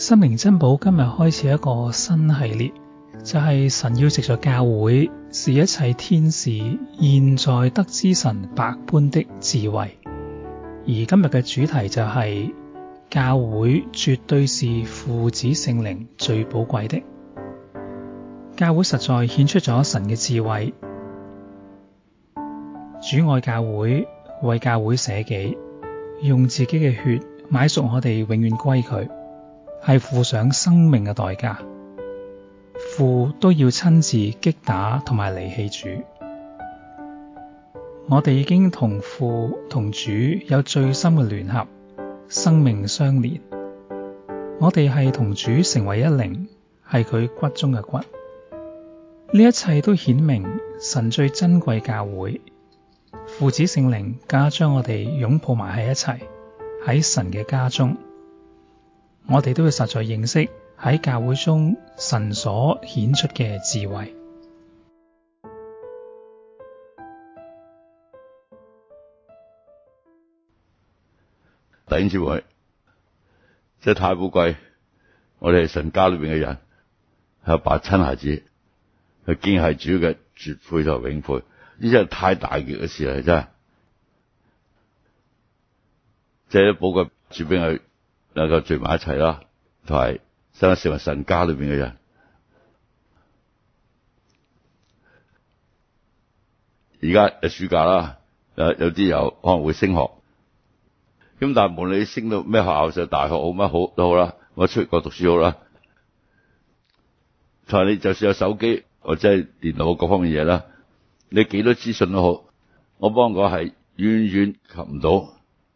心靈珍寶今日開始一個新系列，就係神要藉著教會，使一切天使現在得知神百般的智慧。而今日嘅主題就係教會絕對是父子聖靈最寶貴的。教會實在顯出咗神嘅智慧。主愛教會，為教會捨己，用自己嘅血買贖我哋，永遠歸佢。係付上生命嘅代價，父都要親自擊打同埋離棄主。我哋已經同父同主有最深嘅聯合，生命相連。我哋係同主成為一靈，係佢骨中嘅骨。呢一切都顯明神最珍貴教會，父子聖靈加將我哋擁抱埋喺一齊，喺神嘅家中。我哋都會實在認識喺教會中神所顯出嘅智慧。弟兄姊妹真係太寶貴，我哋係神家裏邊嘅人，係白親孩子，去見係主嘅絕配同永配，呢啲係太大嘅事嚟，真係，即係寶貴住俾佢。能夠聚埋一齊啦，同埋生咗成為神家裏邊嘅人。而家誒暑假啦，誒有啲有可能會升學。咁但係無論你升到咩學校，上大學好乜好都好啦，我出國讀書好啦。同埋你就算有手機或者係電腦各方面嘢啦，你幾多資訊都好，我幫個係遠遠及唔到，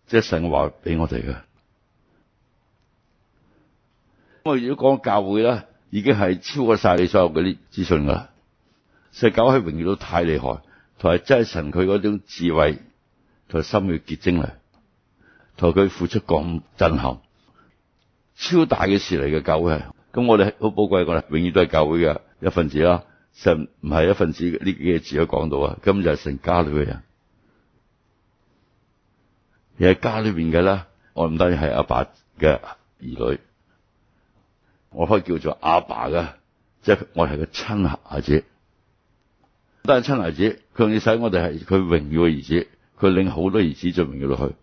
即係神話俾我哋嘅。我哋如果講教會咧，已經係超過晒你所有嗰啲資訊噶啦。細教會喺榮耀到太厲害，同埋真係神佢嗰種智慧同埋心血結晶嚟，同佢付出咁震撼，超大嘅事嚟嘅教會啊！咁我哋好寶貴，我哋永遠都係教會嘅一份子啦。神唔係一份子，呢幾個字都講到啊，根本就係神家裏嘅人，而係家裏邊嘅啦。我唔單止係阿爸嘅兒女。我可以叫做阿爸嘅，即係我係個親孩子，但係親孩子佢要使我哋係佢榮耀嘅兒子，佢領好多兒子最榮耀落去。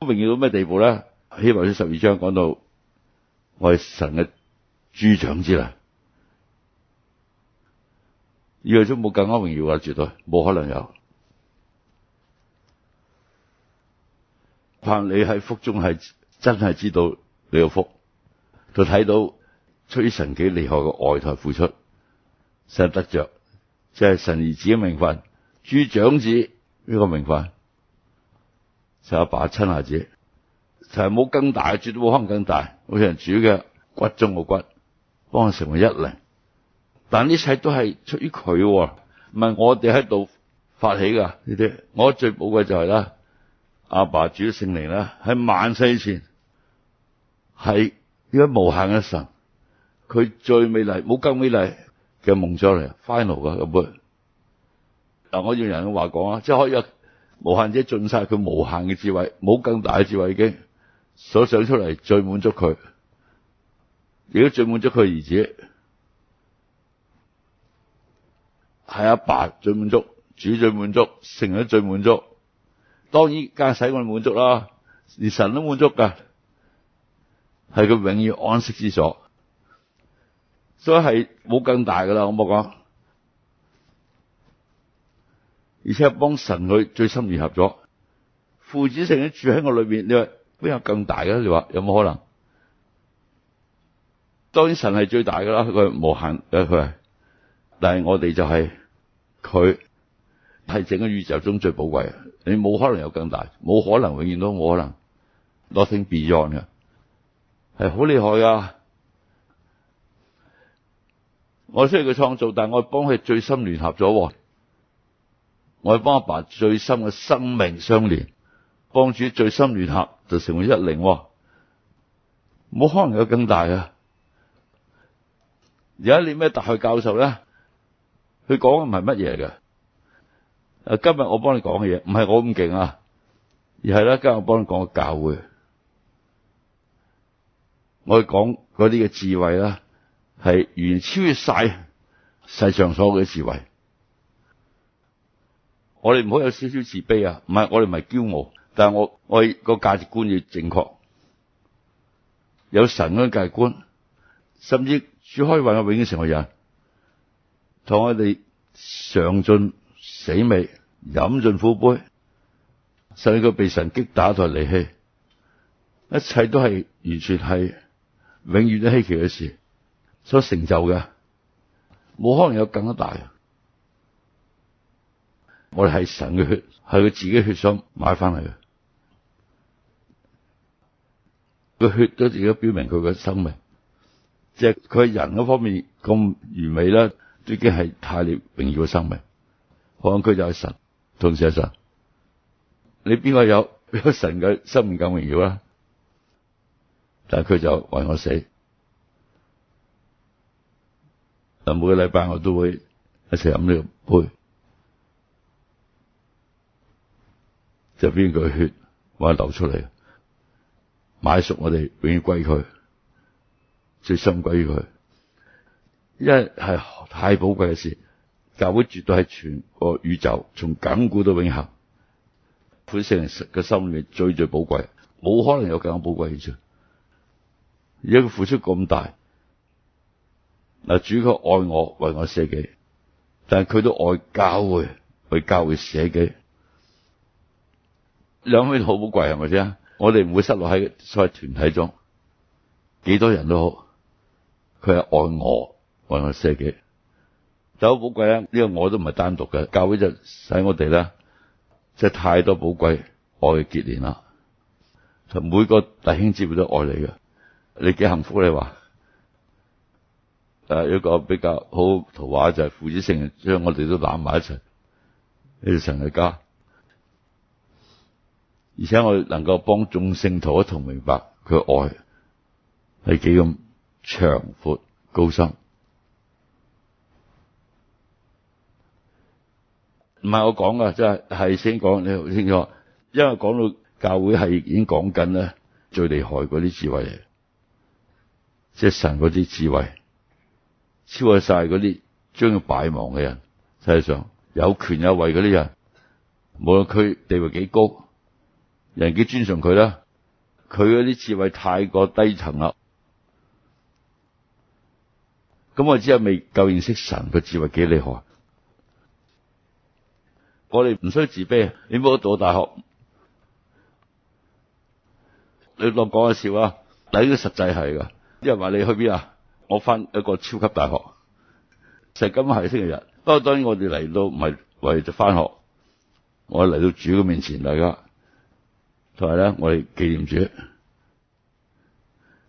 榮耀到咩地步咧？希伯來書十二章講到，我係神嘅諸長子啦，以後都冇更加榮耀啦，絕對冇可能有。但你喺福中係真係知道你有福，佢睇到。.出於神幾厲害嘅外台付出先得着，就係、是、神兒子嘅名分，主長子呢個名分，就阿爸親下子，就係、是、冇更大主，絕冇可能更大，好似人主嘅骨中個骨，幫佢成為一靈，但呢一切都係出於佢，唔係我哋喺度發起噶呢啲，我最寶貴就係、是、啦，阿爸主聖靈啦，喺萬世前係呢個無限嘅神。佢最美麗，冇更美麗嘅夢想嚟，final 噶咁啊！我用人嘅話講啊，即係可以無限者盡晒佢無限嘅智慧，冇更大嘅智慧已經所想出嚟最滿足佢，亦都最滿足佢兒子，係阿爸，爸最滿足，主最滿足，成人都最滿足。當然家使我哋滿足啦，連神都滿足噶，係佢永遠安息之所。所以係冇更大噶啦，我冇講。而且幫神去最深融合作。父子聖靈住喺我裏邊。你話邊有更大嘅？你話有冇可能？當然神係最大噶啦，佢無限誒，佢係。但係我哋就係佢係整個宇宙中最寶貴的。你冇可能有更大的，冇可能永遠，都冇可能 nothing beyond 嘅係好厲害噶。我需要佢創造，但係我幫佢最深聯合咗，我去幫阿爸最深嘅生命相連，幫主最深聯合就成為一靈，冇可能有更大嘅。而家你咩大學教授咧？佢講嘅唔係乜嘢嘅？誒，今日我幫你講嘅嘢，唔係我咁勁啊，而係咧今日我幫你講個教會，我去講嗰啲嘅智慧啦。係完超越晒世上所有嘅智慧。我哋唔好有少少自卑啊，唔係我哋唔係驕傲，但係我我個價值觀要正確，有神嘅價值觀，甚至主開運嘅永遠成為人，同我哋嘗盡死味飲盡苦杯，甚至佢被神擊打同埋離棄，一切都係完全係永遠都稀奇嘅事。所成就嘅，冇可能有更加大嘅。我哋係神嘅血，係佢自己血所買翻嚟嘅。個血都自己表明佢嘅生命，即係佢人方面咁完美啦，都已經係太嚟榮耀嘅生命。可能佢就係神，同時係神。你邊個有有神嘅生命咁榮耀啊？但係佢就為我死。每個禮拜我都會一齊飲呢個杯，就邊個血話流出嚟，買贖我哋永遠歸佢，最深歸佢，因為係太寶貴嘅事，教會絕對係全個宇宙從亙古到永恆，本聖人嘅心裏最最寶貴，冇可能有咁寶貴嘅嘢，而家佢付出咁大。啊！主佢愛我，為我捨己，但係佢都愛教會，去教會捨己。兩位好寶貴係咪先？我哋唔會失落喺所謂團體中，幾多人都好。佢係愛我，為我捨己。就好寶貴啦！呢、這個我都唔係單獨嘅，教會就使我哋咧，即、就、係、是、太多寶貴愛結連啦。每個弟兄姊妹都愛你嘅，你幾幸福你話？誒，一個比較好圖畫就係父子聖靈將我哋都攬埋一齊，呢個神嘅家，而且我能夠幫眾聖徒一同明白佢愛係幾咁長闊高深。唔係我講噶，即係係先講，你清楚，因為講到教會係已經講緊咧，最厲害嗰啲智慧，即係神嗰啲智慧。超過晒嗰啲將要敗亡嘅人，世上有權有位嗰啲人，無論佢地位幾高，人幾尊崇佢啦，佢嗰啲智慧太過低層啦，咁我們只係未夠認識神嘅智慧幾厲害，我哋唔需要自卑，你冇讀到大學，你當講下笑啊，但係呢個實際係噶，啲人話你去邊啊？我翻一個超級大學，就今日係星期日。不過當然我哋嚟到唔係為咗翻學，我嚟到主嘅面前嚟㗎，同埋咧我哋紀念主。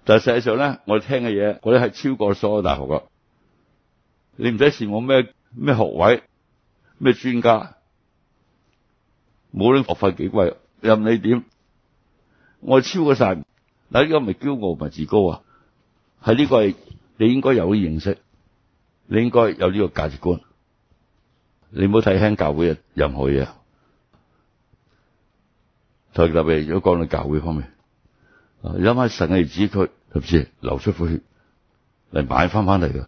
但係實際上咧，我聽嘅嘢，我哋係超過所有大學噶。你唔使羨我咩咩學位，咩專家，冇論學費幾貴，任你點，我超過晒。嗱，呢個唔係驕傲，唔係自高啊，係呢個係。你應該有啲認識，你應該有呢個價值觀。你唔好睇輕教會嘅任何嘢。特別如果講到教會方面，諗下神嘅兒子佢係唔流出苦血嚟買翻翻嚟嘅。